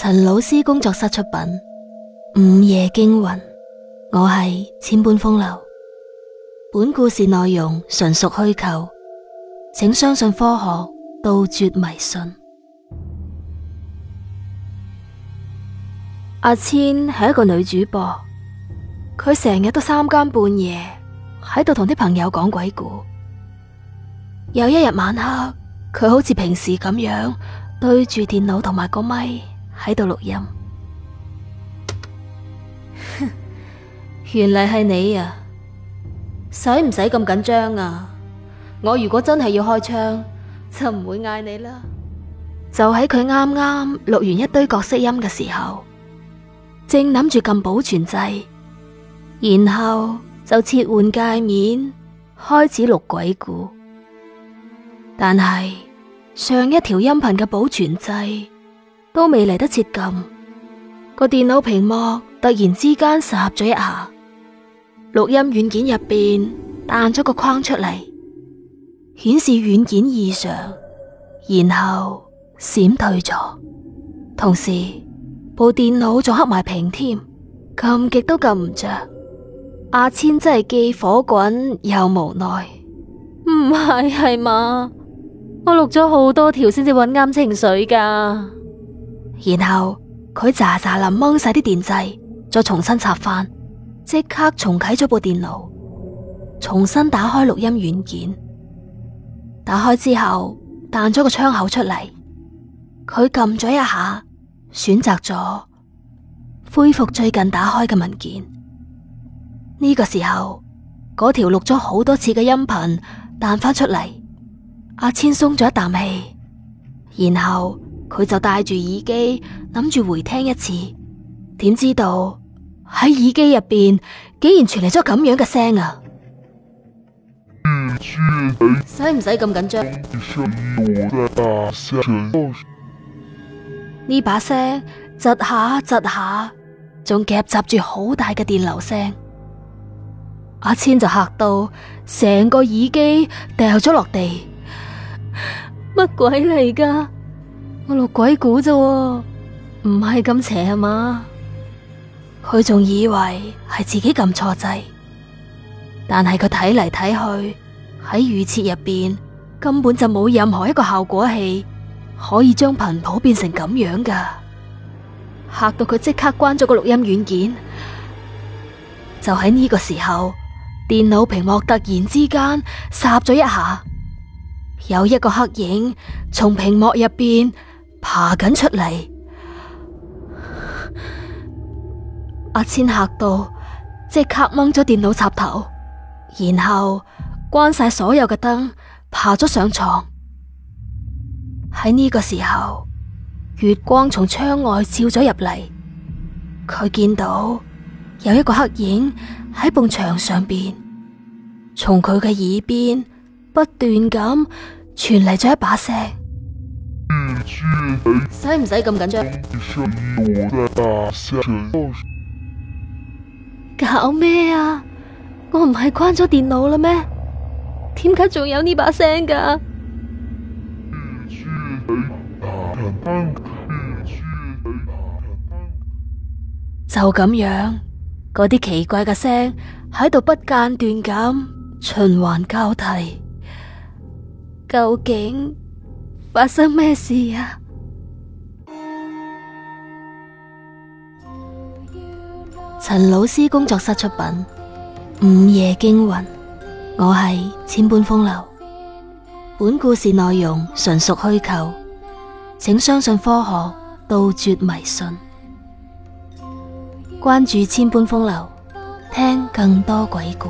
陳老師工作室出品《午夜驚魂》，我係千般風流。本故事內容純屬虛構，請相信科學，杜絕迷信。阿千係一個女主播，佢成日都三更半夜喺度同啲朋友講鬼故。有一日晚黑，佢好似平時咁樣對住電腦同埋個咪。喺度錄音， 原來係你啊！使唔使咁緊張啊？我如果真係要開槍，就唔會嗌你啦。就喺佢啱啱錄完一堆角色音嘅時候，正諗住撳保存掣，然後就切換界面開始錄鬼故，但係上一條音頻嘅保存掣，都未嚟得切撳個電腦屏幕，突然之間霎咗一下，錄音軟件入邊彈咗個框出嚟，顯示軟件異常，然後閃退咗，同時部電腦仲黑埋屏添，撳極都撳唔着。阿千真係既火滾又無奈，唔係係嘛？我錄咗好多條先至揾啱情緒噶。然後佢咋咋冧掹晒啲電掣，再重新插翻，即刻重啟咗部電腦，重新打開錄音軟件。打開之後，彈咗個窗口出嚟，佢撳咗一下，選擇咗恢復最近打開嘅文件。呢個時候，嗰條錄咗好多次嘅音頻彈翻出嚟，阿千鬆咗一啖氣，然後。佢就戴住耳機諗住回聽一次，點知道喺耳機入邊竟然傳嚟咗咁樣嘅聲啊！使唔使咁緊張？呢把聲窒下窒下，仲夾雜住好大嘅電流聲，阿、啊、千就嚇到成個耳機掉咗落地，乜 鬼嚟噶？我錄鬼故啫，唔係咁邪吖嘛。佢仲以為係自己撳錯掣，但係佢睇嚟睇去喺預設入邊根本就冇任何一個效果器可以將頻譜變成咁樣噶，嚇到佢即刻關咗個錄音軟件。就喺呢個時候，電腦屏幕突然之間霎咗一下，有一個黑影從屏幕入邊爬緊出嚟，阿、啊、千嚇到，即刻掹咗電腦插頭，然後關晒所有嘅燈，爬咗上床。喺呢個時候，月光從窗外照咗入嚟，佢見到有一個黑影喺埲牆上邊，從佢嘅耳邊不斷咁傳嚟咗一把聲。使唔使咁緊張？搞咩啊？我唔係關咗電腦啦咩？點解仲有呢把聲㗎？就咁樣，嗰啲奇怪嘅聲喺度不間斷咁循環交替，究竟？發生咩事呀？陳老師工作室出品《午夜驚魂》，我係千般風流。本故事內容純屬虛構，請相信科學，杜絕迷信。關注千般風流，聽更多鬼故。